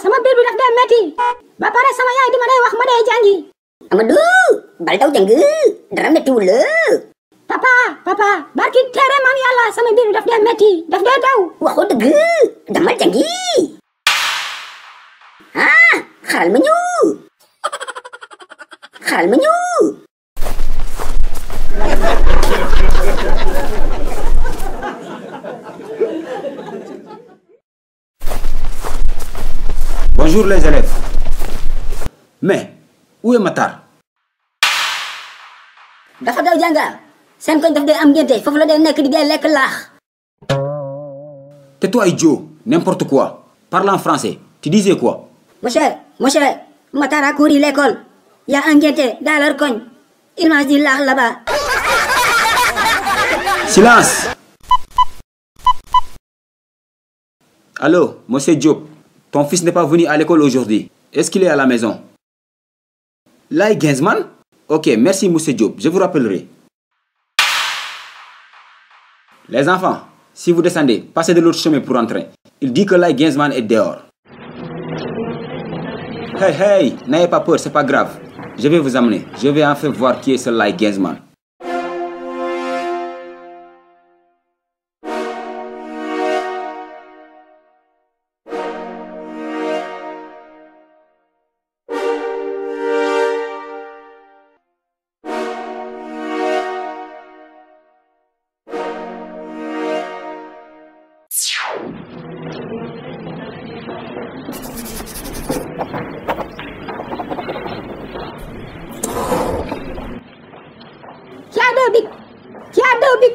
sama bir bidak da mati bapak sama yaay di mana day wax ma day jangi amadou bal daw jang dara metti papa papa barki tere mam yalla sama bir daf da metti daf da daw waxo deug dama jangi ah xaral ma ñu xaral ma ñu Bonjour les élèves. Mais, où est Matar dafa daw c'est un koñ de am la tais-toi idiot, n'importe quoi. Parle en français. Tu disais quoi Monsieur, monsieur, Matar a couru l'école. Il y a un guetté dans leur cogne. Il m'a dit là, là-bas. Silence Allô, monsieur Diop ton fils n'est pas venu à l'école aujourd'hui. Est-ce qu'il est à la maison Lai Gainsman Ok, merci Monsieur Diop, je vous rappellerai. Les enfants, si vous descendez, passez de l'autre chemin pour entrer. Il dit que Lai Gainsman est dehors. Hey, hey, n'ayez pas peur, c'est pas grave. Je vais vous amener. Je vais enfin voir qui est ce Lai Gainsman.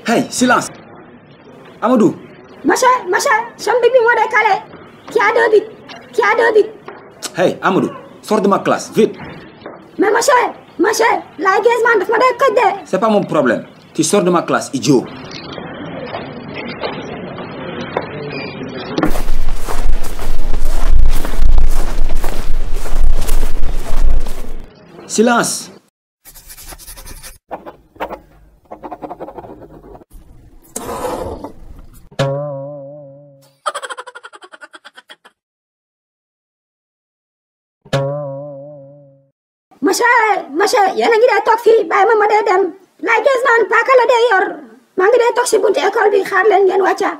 Hey, silence. Amadou. Masa, masa, sampai bi modai kale. Tiada ya, bi. Tiada ya, bi. Hey, Amadou, sors de ma classe, vite. Mais ma chère, ma chère, la guise man daf ma day C'est pas mon problème. Tu sors de ma classe, idiot. Silence. monsieur monsieur yéen a ngi dee toog fii bàyyi ma ma dee dem laay 15 man paaka la dee yor maa ngi dee toog si buntu école bi xaar leen ngeen wàcca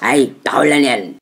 Ay, pakulan yan.